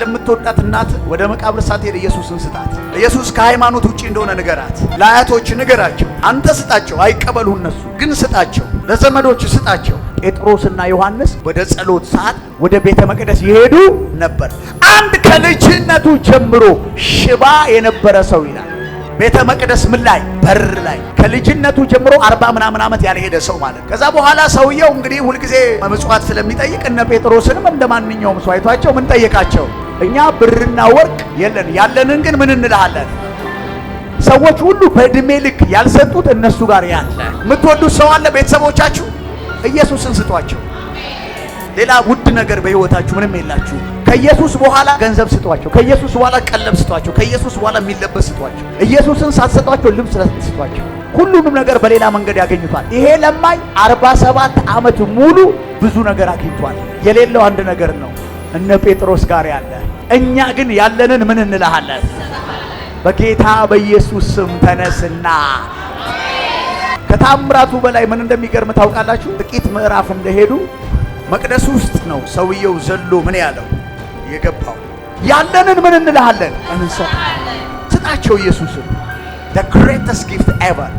ለምትወዳት እናት ወደ መቃብር ሳትሄድ ኢየሱስን ስጣት። ኢየሱስ ከሃይማኖት ውጪ እንደሆነ ንገራት። ለአያቶች ንገራቸው። አንተ ስጣቸው፣ አይቀበሉ እነሱ ግን ስጣቸው፣ ለዘመዶች ስጣቸው። ጴጥሮስና ዮሐንስ ወደ ጸሎት ሰዓት ወደ ቤተ መቅደስ ይሄዱ ነበር። አንድ ከልጅነቱ ጀምሮ ሽባ የነበረ ሰው ይላል። ቤተ መቅደስ ምን ላይ በር ላይ ከልጅነቱ ጀምሮ አርባ ምናምን ዓመት ያልሄደ ሰው ማለት ከዛ በኋላ ሰውየው እንግዲህ ሁልጊዜ ምጽዋት ስለሚጠይቅ እነ ጴጥሮስንም እንደ ማንኛውም ሰው አይቷቸው ምን ጠየቃቸው እኛ ብርና ወርቅ የለን፣ ያለንን ግን ምን እንልሃለን? ሰዎች ሁሉ በእድሜ ልክ ያልሰጡት እነሱ ጋር ያለ። የምትወዱት ሰው አለ? ቤተሰቦቻችሁ ኢየሱስን ስጧቸው። ሌላ ውድ ነገር በሕይወታችሁ ምንም የላችሁ። ከኢየሱስ በኋላ ገንዘብ ስጧቸው። ከኢየሱስ በኋላ ቀለብ ስጧቸው። ከኢየሱስ በኋላ የሚለበስ ስጧቸው። ኢየሱስን ሳትሰጧቸው ልብስ ስጧቸው። ሁሉንም ነገር በሌላ መንገድ ያገኙታል። ይሄ ለማኝ 47 አመት ዓመት ሙሉ ብዙ ነገር አግኝቷል። የሌለው አንድ ነገር ነው። እነ ጴጥሮስ ጋር ያለ እኛ ግን ያለንን ምን እንልሃለን? በጌታ በኢየሱስ ስም ተነስና። ከታምራቱ በላይ ምን እንደሚገርም ታውቃላችሁ? ጥቂት ምዕራፍ እንደሄዱ መቅደስ ውስጥ ነው ሰውየው ዘሎ ምን ያለው የገባው። ያለንን ምን እንልሃለን? እንሰጣቸው ስጣቸው ኢየሱስን the greatest gift ever